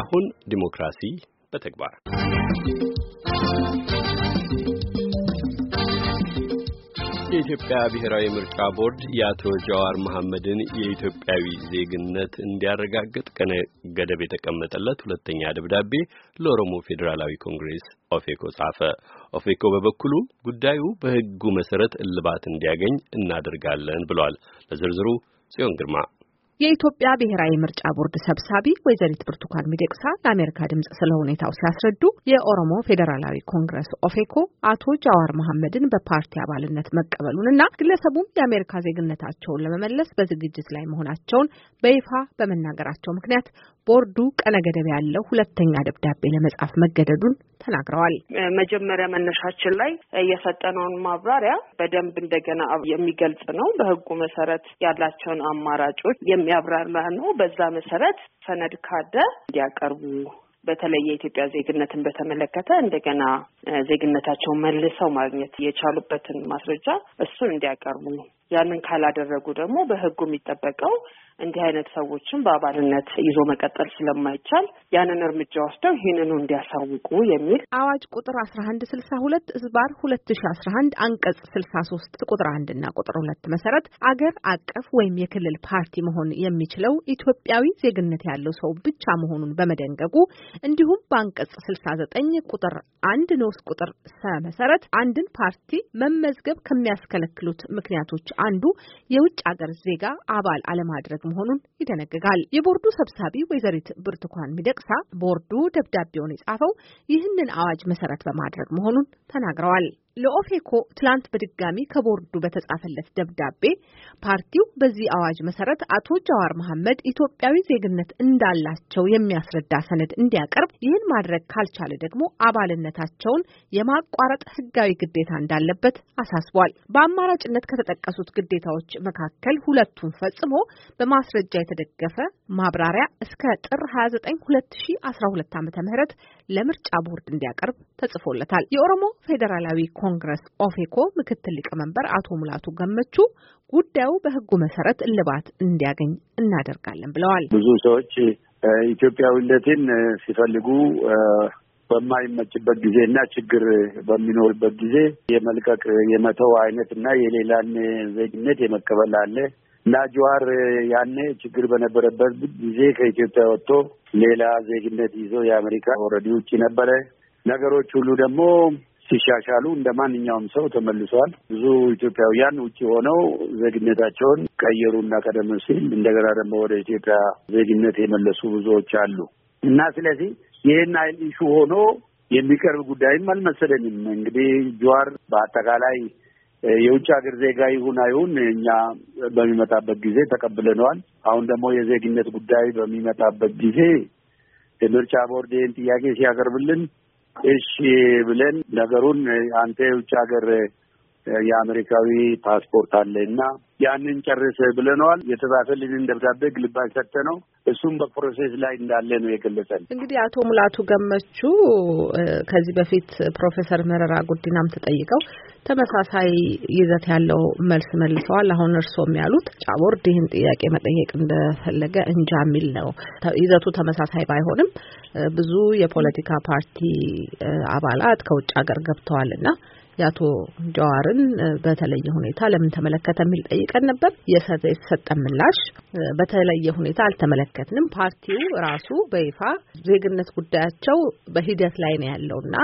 አሁን ዲሞክራሲ በተግባር የኢትዮጵያ ብሔራዊ ምርጫ ቦርድ የአቶ ጀዋር መሐመድን የኢትዮጵያዊ ዜግነት እንዲያረጋግጥ ቀነ ገደብ የተቀመጠለት ሁለተኛ ደብዳቤ ለኦሮሞ ፌዴራላዊ ኮንግሬስ ኦፌኮ ጻፈ። ኦፌኮ በበኩሉ ጉዳዩ በሕጉ መሰረት እልባት እንዲያገኝ እናደርጋለን ብሏል። ለዝርዝሩ ጽዮን ግርማ የኢትዮጵያ ብሔራዊ ምርጫ ቦርድ ሰብሳቢ ወይዘሪት ብርቱካን ሚደቅሳ ለአሜሪካ ድምጽ ስለ ሁኔታው ሲያስረዱ የኦሮሞ ፌዴራላዊ ኮንግረስ ኦፌኮ አቶ ጃዋር መሐመድን በፓርቲ አባልነት መቀበሉንና ግለሰቡም የአሜሪካ ዜግነታቸውን ለመመለስ በዝግጅት ላይ መሆናቸውን በይፋ በመናገራቸው ምክንያት ቦርዱ ቀነ ገደብ ያለው ሁለተኛ ደብዳቤ ለመጻፍ መገደዱን ተናግረዋል። መጀመሪያ መነሻችን ላይ የሰጠነውን ማብራሪያ በደንብ እንደገና የሚገልጽ ነው። በህጉ መሰረት ያላቸውን አማራጮች የሚያብራራ ነው። በዛ መሰረት ሰነድ ካለ እንዲያቀርቡ በተለይ የኢትዮጵያ ዜግነትን በተመለከተ እንደገና ዜግነታቸውን መልሰው ማግኘት የቻሉበትን ማስረጃ እሱን እንዲያቀርቡ ያንን ካላደረጉ ደግሞ በህጉ የሚጠበቀው እንዲህ አይነት ሰዎችን በአባልነት ይዞ መቀጠል ስለማይቻል ያንን እርምጃ ወስደው ይህንኑ እንዲያሳውቁ የሚል አዋጅ ቁጥር አስራ አንድ ስልሳ ሁለት ህዝባር ሁለት ሺ አስራ አንድ አንቀጽ ስልሳ ሶስት ቁጥር አንድ ና ቁጥር ሁለት መሰረት አገር አቀፍ ወይም የክልል ፓርቲ መሆን የሚችለው ኢትዮጵያዊ ዜግነት ያለው ሰው ብቻ መሆኑን በመደንገጉ እንዲሁም በአንቀጽ ስልሳ ዘጠኝ ቁጥር አንድ ንዑስ ቁጥር ሰ መሰረት አንድን ፓርቲ መመዝገብ ከሚያስከለክሉት ምክንያቶች አንዱ የውጭ አገር ዜጋ አባል አለማድረግ መሆኑን ይደነግጋል። የቦርዱ ሰብሳቢ ወይዘሪት ብርቱካን ሚደቅሳ ቦርዱ ደብዳቤውን የጻፈው ይህንን አዋጅ መሰረት በማድረግ መሆኑን ተናግረዋል። ለኦፌኮ ትላንት በድጋሚ ከቦርዱ በተጻፈለት ደብዳቤ ፓርቲው በዚህ አዋጅ መሰረት አቶ ጃዋር መሐመድ ኢትዮጵያዊ ዜግነት እንዳላቸው የሚያስረዳ ሰነድ እንዲያቀርብ፣ ይህን ማድረግ ካልቻለ ደግሞ አባልነታቸውን የማቋረጥ ሕጋዊ ግዴታ እንዳለበት አሳስቧል። በአማራጭነት ከተጠቀሱት ግዴታዎች መካከል ሁለቱን ፈጽሞ በማስረጃ የተደገፈ ማብራሪያ እስከ ጥር 29 2012 ዓ.ም ለምርጫ ቦርድ እንዲያቀርብ ተጽፎለታል። የኦሮሞ ፌዴራላዊ ኮንግረስ ኦፌኮ ምክትል ሊቀመንበር አቶ ሙላቱ ገመቹ ጉዳዩ በህጉ መሰረት እልባት እንዲያገኝ እናደርጋለን ብለዋል። ብዙ ሰዎች ኢትዮጵያዊነትን ሲፈልጉ በማይመችበት ጊዜ እና ችግር በሚኖርበት ጊዜ የመልቀቅ የመተው አይነት እና የሌላን ዜግነት የመቀበል አለ እና ጀዋር ያኔ ችግር በነበረበት ጊዜ ከኢትዮጵያ ወጥቶ ሌላ ዜግነት ይዞ የአሜሪካ ወረዲ ውጭ ነበረ። ነገሮች ሁሉ ደግሞ ሲሻሻሉ እንደ ማንኛውም ሰው ተመልሷል። ብዙ ኢትዮጵያውያን ውጭ ሆነው ዜግነታቸውን ቀየሩና ቀደም ሲል እንደገና ደግሞ ወደ ኢትዮጵያ ዜግነት የመለሱ ብዙዎች አሉ እና ስለዚህ ይህን አይል ኢሹ ሆኖ የሚቀርብ ጉዳይም አልመሰለንም። እንግዲህ ጀዋር በአጠቃላይ የውጭ ሀገር ዜጋ ይሁን አይሁን እኛ በሚመጣበት ጊዜ ተቀብለነዋል። አሁን ደግሞ የዜግነት ጉዳይ በሚመጣበት ጊዜ የምርጫ ቦርድ ይህን ጥያቄ ሲያቀርብልን እሺ ብለን ነገሩን አንተ የውጭ ሀገር የአሜሪካዊ ፓስፖርት አለ እና ያንን ጨርስ ብለነዋል። የተጻፈልንን ደብዳቤ ግልባጭ ሰጥተ ነው። እሱም በፕሮሴስ ላይ እንዳለ ነው የገለጸን። እንግዲህ አቶ ሙላቱ ገመቹ ከዚህ በፊት ፕሮፌሰር መረራ ጉዲናም ተጠይቀው ተመሳሳይ ይዘት ያለው መልስ መልሰዋል። አሁን እርስዎም ያሉት ቦርድ ይህን ጥያቄ መጠየቅ እንደፈለገ እንጃ የሚል ነው። ይዘቱ ተመሳሳይ ባይሆንም ብዙ የፖለቲካ ፓርቲ አባላት ከውጭ ሀገር ገብተዋል እና የአቶ ጀዋርን በተለየ ሁኔታ ለምን ተመለከተ የሚል ጠይቀን ነበር። የተሰጠ ምላሽ በተለየ ሁኔታ አልተመለከትንም። ፓርቲው ራሱ በይፋ ዜግነት ጉዳያቸው በሂደት ላይ ነው ያለውና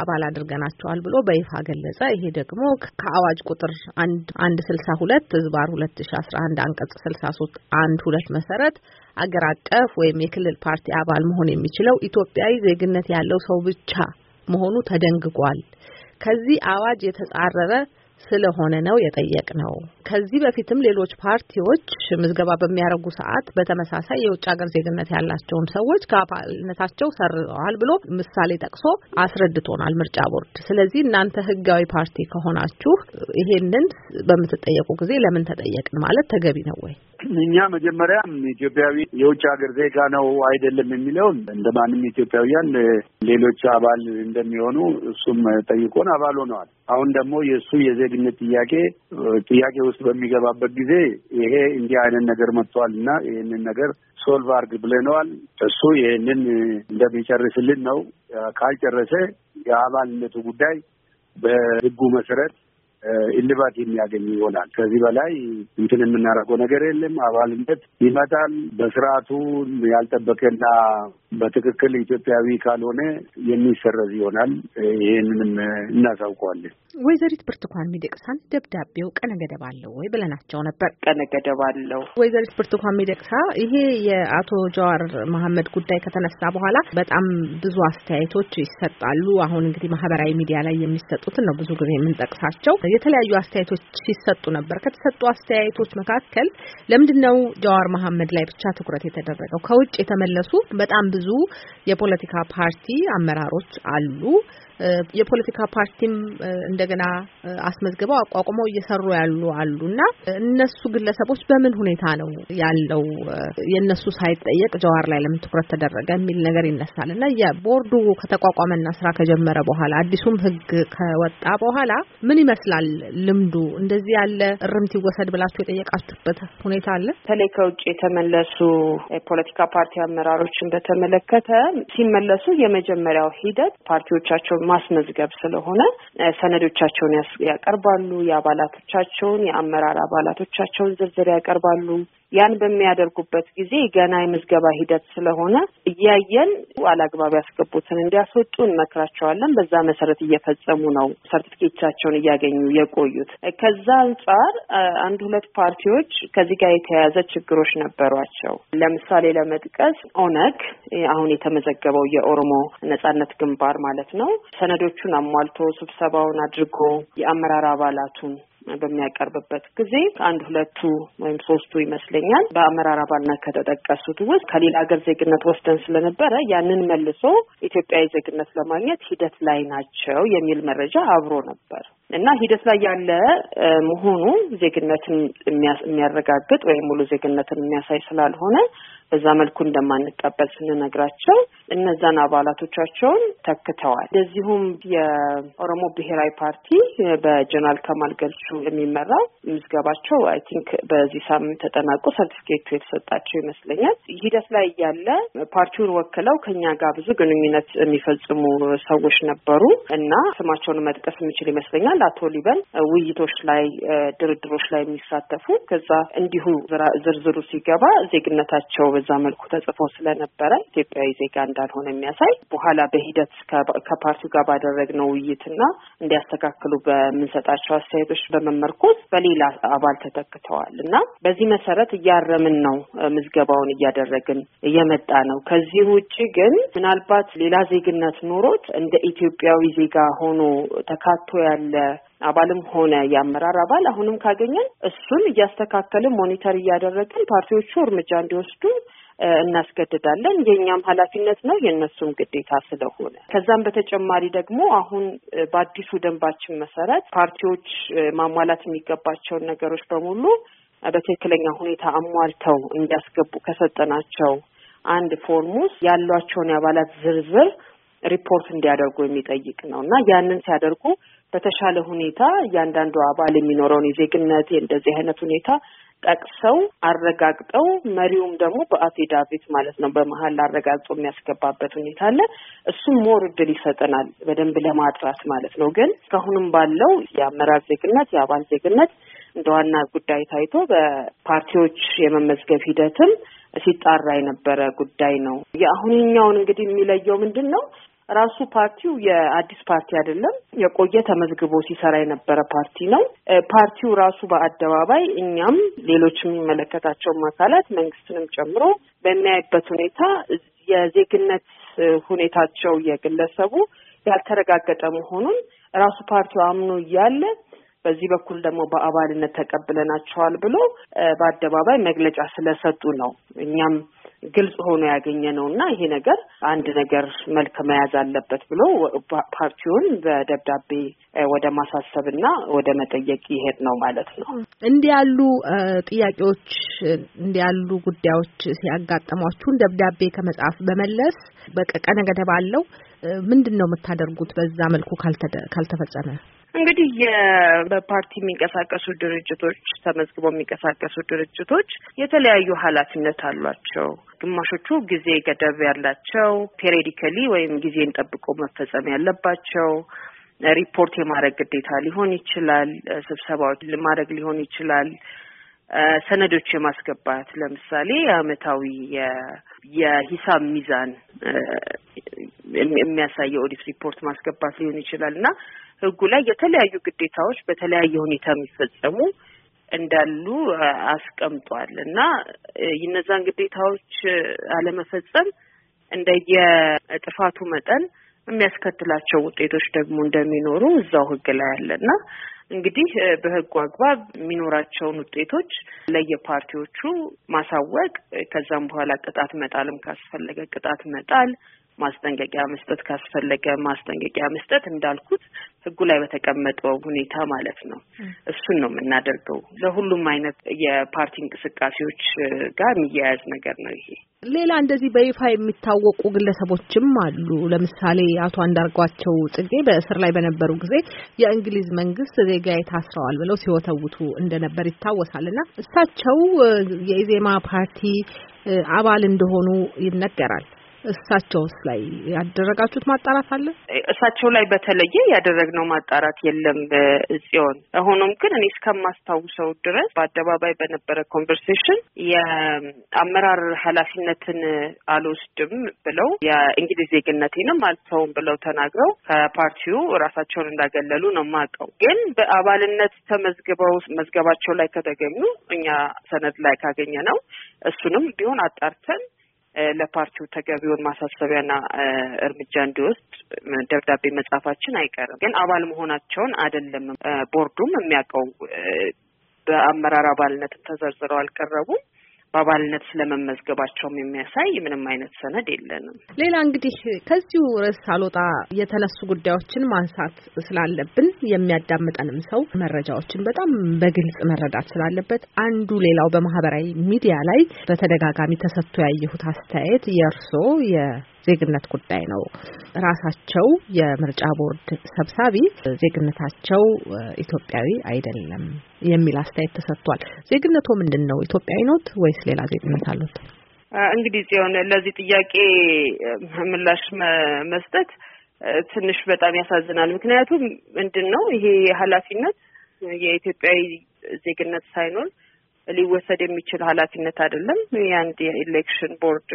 አባል አድርገናቸዋል ብሎ በይፋ ገለጸ። ይሄ ደግሞ ከአዋጅ ቁጥር አንድ አንድ ስልሳ ሁለት ህዝባር ሁለት ሺ አስራ አንድ አንቀጽ ስልሳ ሶስት አንድ ሁለት መሰረት አገር አቀፍ ወይም የክልል ፓርቲ አባል መሆን የሚችለው ኢትዮጵያዊ ዜግነት ያለው ሰው ብቻ መሆኑ ተደንግጓል ከዚህ አዋጅ የተጻረረ ስለሆነ ነው የጠየቅነው ከዚህ በፊትም ሌሎች ፓርቲዎች ምዝገባ በሚያደርጉ ሰዓት በተመሳሳይ የውጭ ሀገር ዜግነት ያላቸውን ሰዎች ከአባልነታቸው ሰርዘዋል ብሎ ምሳሌ ጠቅሶ አስረድቶናል ምርጫ ቦርድ። ስለዚህ እናንተ ህጋዊ ፓርቲ ከሆናችሁ ይሄንን በምትጠየቁ ጊዜ ለምን ተጠየቅን ማለት ተገቢ ነው ወይ? እኛ መጀመሪያም ኢትዮጵያዊ የውጭ ሀገር ዜጋ ነው አይደለም የሚለውን እንደ ማንም ኢትዮጵያውያን ሌሎች አባል እንደሚሆኑ እሱም ጠይቆን አባል ሆነዋል። አሁን ደግሞ የእሱ የዜግነት ጥያቄ ጥያቄ ውስጥ በሚገባበት ጊዜ ይሄ እንዲህ አይነት ነገር መጥቷል እና ይህንን ነገር ሶልቭ አርግ ብለነዋል። እሱ ይህንን እንደሚጨርስልን ነው። ካልጨረሰ የአባልነቱ ጉዳይ በህጉ መሰረት እልባት የሚያገኝ ይሆናል። ከዚህ በላይ እንትን የምናደርገው ነገር የለም። አባልነት ይመጣል በስርዓቱ ያልጠበቀና በትክክል ኢትዮጵያዊ ካልሆነ የሚሰረዝ ይሆናል። ይህንንም እናሳውቀዋለን። ወይዘሪት ብርቱካን ሚደቅሳን ደብዳቤው ቀነ ገደብ አለው ወይ ብለናቸው ነበር። ቀነ ገደብ አለው። ወይዘሪት ብርቱካን ሚደቅሳ ይሄ የአቶ ጀዋር መሐመድ ጉዳይ ከተነሳ በኋላ በጣም ብዙ አስተያየቶች ይሰጣሉ። አሁን እንግዲህ ማህበራዊ ሚዲያ ላይ የሚሰጡትን ነው ብዙ ጊዜ የምንጠቅሳቸው። የተለያዩ አስተያየቶች ሲሰጡ ነበር። ከተሰጡ አስተያየቶች መካከል ለምንድን ነው ጀዋር መሐመድ ላይ ብቻ ትኩረት የተደረገው? ከውጭ የተመለሱ በጣም ብዙ የፖለቲካ ፓርቲ አመራሮች አሉ። የፖለቲካ ፓርቲም እንደገና አስመዝግበው አቋቁመው እየሰሩ ያሉ አሉ እና እነሱ ግለሰቦች በምን ሁኔታ ነው ያለው? የእነሱ ሳይጠየቅ ጀዋር ላይ ለምን ትኩረት ተደረገ የሚል ነገር ይነሳል እና የቦርዱ ከተቋቋመና ስራ ከጀመረ በኋላ አዲሱም ህግ ከወጣ በኋላ ምን ይመስላል ልምዱ? እንደዚህ ያለ እርምት ይወሰድ ብላችሁ የጠየቃችሁበት ሁኔታ አለ? በተለይ ከውጭ የተመለሱ የፖለቲካ ፓርቲ አመራሮችን በተመለከተ ሲመለሱ የመጀመሪያው ሂደት ፓርቲዎቻቸው ማስመዝገብ ስለሆነ ሰነዶቻቸውን ያቀርባሉ። የአባላቶቻቸውን የአመራር አባላቶቻቸውን ዝርዝር ያቀርባሉ። ያን በሚያደርጉበት ጊዜ ገና የምዝገባ ሂደት ስለሆነ እያየን አላግባብ ያስገቡትን እንዲያስወጡ እንመክራቸዋለን። በዛ መሰረት እየፈጸሙ ነው ሰርቲፊኬቻቸውን እያገኙ የቆዩት። ከዛ አንጻር አንድ ሁለት ፓርቲዎች ከዚህ ጋር የተያያዘ ችግሮች ነበሯቸው። ለምሳሌ ለመጥቀስ ኦነግ አሁን የተመዘገበው የኦሮሞ ነጻነት ግንባር ማለት ነው ሰነዶቹን አሟልቶ ስብሰባውን አድርጎ የአመራር አባላቱን በሚያቀርብበት ጊዜ አንድ ሁለቱ ወይም ሶስቱ ይመስለኛል በአመራር አባልነት ከተጠቀሱት ውስጥ ከሌላ ሀገር ዜግነት ወስደን ስለነበረ ያንን መልሶ ኢትዮጵያዊ ዜግነት ለማግኘት ሂደት ላይ ናቸው የሚል መረጃ አብሮ ነበር። እና ሂደት ላይ ያለ መሆኑ ዜግነትን የሚያረጋግጥ ወይም ሙሉ ዜግነትን የሚያሳይ ስላልሆነ በዛ መልኩ እንደማንቀበል ስንነግራቸው እነዛን አባላቶቻቸውን ተክተዋል። እንደዚሁም የኦሮሞ ብሔራዊ ፓርቲ በጀነራል ከማል ገልቹ የሚመራው ምዝገባቸው አይ ቲንክ በዚህ ሳምንት ተጠናቆ ሰርቲፊኬቱ የተሰጣቸው ይመስለኛል። ሂደት ላይ ያለ ፓርቲውን ወክለው ከኛ ጋር ብዙ ግንኙነት የሚፈጽሙ ሰዎች ነበሩ እና ስማቸውን መጥቀስ የሚችል ይመስለኛል ይሆናል። አቶ ሊበን ውይይቶች ላይ ድርድሮች ላይ የሚሳተፉ ከዛ እንዲሁ ዝርዝሩ ሲገባ ዜግነታቸው በዛ መልኩ ተጽፎ ስለነበረ ኢትዮጵያዊ ዜጋ እንዳልሆነ የሚያሳይ በኋላ በሂደት ከፓርቲው ጋር ባደረግነው ውይይትና እንዲያስተካክሉ በምንሰጣቸው አስተያየቶች በመመርኮዝ በሌላ አባል ተተክተዋል እና በዚህ መሰረት እያረምን ነው፣ ምዝገባውን እያደረግን እየመጣ ነው። ከዚህ ውጭ ግን ምናልባት ሌላ ዜግነት ኑሮት እንደ ኢትዮጵያዊ ዜጋ ሆኖ ተካቶ ያለ አባልም ሆነ የአመራር አባል አሁንም ካገኘን እሱን እያስተካከልን ሞኒተር እያደረግን ፓርቲዎቹ እርምጃ እንዲወስዱ እናስገድዳለን። የእኛም ኃላፊነት ነው የእነሱም ግዴታ ስለሆነ ከዛም በተጨማሪ ደግሞ አሁን በአዲሱ ደንባችን መሰረት ፓርቲዎች ማሟላት የሚገባቸውን ነገሮች በሙሉ በትክክለኛ ሁኔታ አሟልተው እንዲያስገቡ ከሰጠናቸው አንድ ፎርም ውስጥ ያሏቸውን የአባላት ዝርዝር ሪፖርት እንዲያደርጉ የሚጠይቅ ነው እና ያንን ሲያደርጉ በተሻለ ሁኔታ እያንዳንዱ አባል የሚኖረውን የዜግነት እንደዚህ አይነት ሁኔታ ጠቅሰው አረጋግጠው መሪውም ደግሞ በአፌዳቪት ማለት ነው በመሀል አረጋግጦ የሚያስገባበት ሁኔታ አለ። እሱም ሞር እድል ይሰጠናል በደንብ ለማጥራት ማለት ነው። ግን እስካሁንም ባለው የአመራር ዜግነት የአባል ዜግነት እንደ ዋና ጉዳይ ታይቶ በፓርቲዎች የመመዝገብ ሂደትም ሲጣራ የነበረ ጉዳይ ነው። የአሁንኛውን እንግዲህ የሚለየው ምንድን ነው? ራሱ ፓርቲው የአዲስ ፓርቲ አይደለም። የቆየ ተመዝግቦ ሲሰራ የነበረ ፓርቲ ነው። ፓርቲው ራሱ በአደባባይ እኛም ሌሎች የሚመለከታቸውም አካላት መንግስትንም ጨምሮ በሚያይበት ሁኔታ የዜግነት ሁኔታቸው የግለሰቡ ያልተረጋገጠ መሆኑን ራሱ ፓርቲው አምኖ እያለ በዚህ በኩል ደግሞ በአባልነት ተቀብለናቸዋል ብሎ በአደባባይ መግለጫ ስለሰጡ ነው እኛም ግልጽ ሆኖ ያገኘ ነው እና ይሄ ነገር አንድ ነገር መልክ መያዝ አለበት ብሎ ፓርቲውን በደብዳቤ ወደ ማሳሰብ እና ወደ መጠየቅ ይሄድ ነው ማለት ነው። እንዲህ ያሉ ጥያቄዎች እንዲህ ያሉ ጉዳዮች ሲያጋጠሟችሁን ደብዳቤ ከመጻፍ በመለስ በቀ ገደብ አለው ምንድን ነው የምታደርጉት? በዛ መልኩ ካልተፈጸመ እንግዲህ በፓርቲ የሚንቀሳቀሱ ድርጅቶች ተመዝግበው የሚንቀሳቀሱ ድርጅቶች የተለያዩ ኃላፊነት አሏቸው። ግማሾቹ ጊዜ ገደብ ያላቸው ፔሬዲካሊ ወይም ጊዜን ጠብቆ መፈጸም ያለባቸው ሪፖርት የማድረግ ግዴታ ሊሆን ይችላል። ስብሰባዎች ማድረግ ሊሆን ይችላል። ሰነዶች የማስገባት ለምሳሌ የአመታዊ የሂሳብ ሚዛን የሚያሳይ ኦዲት ሪፖርት ማስገባት ሊሆን ይችላል እና ህጉ ላይ የተለያዩ ግዴታዎች በተለያየ ሁኔታ የሚፈጸሙ እንዳሉ አስቀምጧል እና እነዛን ግዴታዎች አለመፈጸም እንደየጥፋቱ መጠን የሚያስከትላቸው ውጤቶች ደግሞ እንደሚኖሩ እዛው ህግ ላይ አለ እና እንግዲህ በህጉ አግባብ የሚኖራቸውን ውጤቶች ለየፓርቲዎቹ ማሳወቅ ከዛም በኋላ ቅጣት መጣልም ካስፈለገ ቅጣት መጣል ማስጠንቀቂያ መስጠት ካስፈለገ ማስጠንቀቂያ መስጠት እንዳልኩት ህጉ ላይ በተቀመጠው ሁኔታ ማለት ነው። እሱን ነው የምናደርገው። ለሁሉም አይነት የፓርቲ እንቅስቃሴዎች ጋር የሚያያዝ ነገር ነው ይሄ። ሌላ እንደዚህ በይፋ የሚታወቁ ግለሰቦችም አሉ። ለምሳሌ አቶ አንዳርጓቸው ጽጌ በእስር ላይ በነበሩ ጊዜ የእንግሊዝ መንግስት ዜጋዬ ታስረዋል ብለው ሲወተውቱ እንደነበር ይታወሳል። እና እሳቸው የኢዜማ ፓርቲ አባል እንደሆኑ ይነገራል። እሳቸውስ ላይ ያደረጋችሁት ማጣራት አለ? እሳቸው ላይ በተለየ ያደረግነው ማጣራት የለም ጽዮን። ሆኖም ግን እኔ እስከማስታውሰው ድረስ በአደባባይ በነበረ ኮንቨርሴሽን የአመራር ኃላፊነትን አልወስድም ብለው የእንግሊዝ ዜግነቴንም አልተውም ብለው ተናግረው ከፓርቲው ራሳቸውን እንዳገለሉ ነው የማውቀው። ግን በአባልነት ተመዝግበው መዝገባቸው ላይ ከተገኙ እኛ ሰነድ ላይ ካገኘ ነው እሱንም ቢሆን አጣርተን ለፓርቲው ተገቢውን ማሳሰቢያና እርምጃ እንዲወስድ ደብዳቤ መጻፋችን አይቀርም። ግን አባል መሆናቸውን አይደለም ቦርዱም የሚያውቀው በአመራር አባልነት ተዘርዝረው አልቀረቡም። በአባልነት ስለመመዝገባቸውም የሚያሳይ ምንም አይነት ሰነድ የለንም። ሌላ እንግዲህ ከዚሁ ርዕስ አልወጣ የተነሱ ጉዳዮችን ማንሳት ስላለብን የሚያዳምጠንም ሰው መረጃዎችን በጣም በግልጽ መረዳት ስላለበት አንዱ ሌላው በማህበራዊ ሚዲያ ላይ በተደጋጋሚ ተሰጥቶ ያየሁት አስተያየት የእርሶ። ዜግነት ጉዳይ ነው። ራሳቸው የምርጫ ቦርድ ሰብሳቢ ዜግነታቸው ኢትዮጵያዊ አይደለም የሚል አስተያየት ተሰጥቷል። ዜግነቶ ምንድን ነው? ኢትዮጵያዊ ኖት ወይስ ሌላ ዜግነት አሉት? እንግዲህ ጽዮን፣ ለዚህ ጥያቄ ምላሽ መስጠት ትንሽ በጣም ያሳዝናል። ምክንያቱም ምንድን ነው ይሄ ኃላፊነት የኢትዮጵያዊ ዜግነት ሳይኖር ሊወሰድ የሚችል ኃላፊነት አይደለም። የአንድ የኢሌክሽን ቦርድ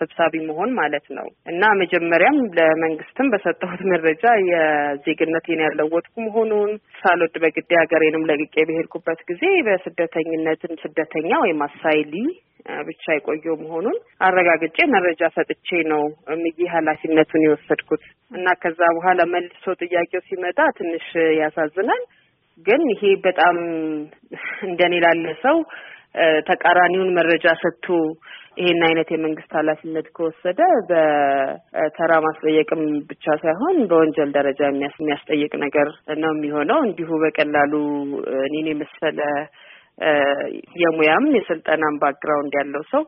ሰብሳቢ መሆን ማለት ነው እና መጀመሪያም ለመንግስትም በሰጠሁት መረጃ የዜግነቴን ያለወጥኩ መሆኑን ሳልወድ በግዴ ሀገሬንም ለቅቄ በሄድኩበት ጊዜ በስደተኝነትን ስደተኛ ወይም አሳይሊ ብቻ የቆየው መሆኑን አረጋግጬ መረጃ ሰጥቼ ነው ምይ ኃላፊነቱን የወሰድኩት እና ከዛ በኋላ መልሶ ጥያቄው ሲመጣ ትንሽ ያሳዝናል። ግን ይሄ በጣም እንደኔ ላለ ሰው ተቃራኒውን መረጃ ሰጥቶ ይሄን አይነት የመንግስት ኃላፊነት ከወሰደ በተራ ማስጠየቅም ብቻ ሳይሆን በወንጀል ደረጃ የሚያስጠይቅ ነገር ነው የሚሆነው። እንዲሁ በቀላሉ እኔን የመሰለ የሙያም የስልጠናም ባክግራውንድ ያለው ሰው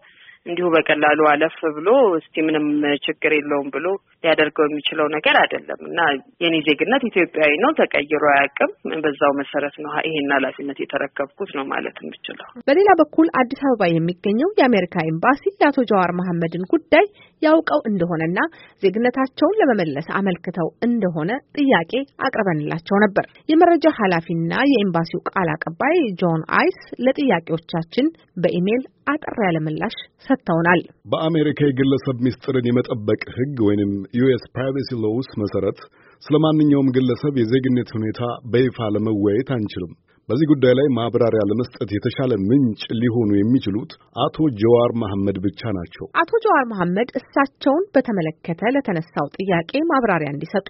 እንዲሁ በቀላሉ አለፍ ብሎ እስቲ ምንም ችግር የለውም ብሎ ሊያደርገው የሚችለው ነገር አይደለም እና የኔ ዜግነት ኢትዮጵያዊ ነው፣ ተቀይሮ አያውቅም። በዛው መሰረት ነው ይሄን ኃላፊነት የተረከብኩት ነው ማለት የምችለው። በሌላ በኩል አዲስ አበባ የሚገኘው የአሜሪካ ኤምባሲ የአቶ ጀዋር መሐመድን ጉዳይ ያውቀው እንደሆነና ዜግነታቸውን ለመመለስ አመልክተው እንደሆነ ጥያቄ አቅርበንላቸው ነበር። የመረጃ ኃላፊና የኤምባሲው ቃል አቀባይ ጆን አይስ ለጥያቄዎቻችን በኢሜል አጠር ያለ ምላሽ ሰጥተውናል። በአሜሪካ የግለሰብ ሚስጥርን የመጠበቅ ሕግ ወይንም ዩኤስ ፕራይቬሲ ሎውስ መሰረት ስለ ማንኛውም ግለሰብ የዜግነት ሁኔታ በይፋ ለመወያየት አንችልም። በዚህ ጉዳይ ላይ ማብራሪያ ለመስጠት የተሻለ ምንጭ ሊሆኑ የሚችሉት አቶ ጀዋር መሐመድ ብቻ ናቸው። አቶ ጀዋር መሐመድ እሳቸውን በተመለከተ ለተነሳው ጥያቄ ማብራሪያ እንዲሰጡ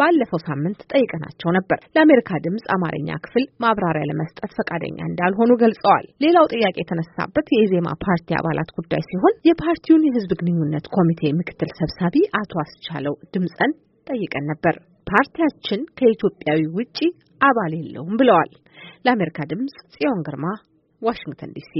ባለፈው ሳምንት ጠይቀናቸው ነበር። ለአሜሪካ ድምፅ አማርኛ ክፍል ማብራሪያ ለመስጠት ፈቃደኛ እንዳልሆኑ ገልጸዋል። ሌላው ጥያቄ የተነሳበት የኢዜማ ፓርቲ አባላት ጉዳይ ሲሆን የፓርቲውን የህዝብ ግንኙነት ኮሚቴ ምክትል ሰብሳቢ አቶ አስቻለው ድምፀን ጠይቀን ነበር። ፓርቲያችን ከኢትዮጵያዊ ውጪ አባል የለውም ብለዋል። ለአሜሪካ ድምጽ ጽዮን ግርማ ዋሽንግተን ዲሲ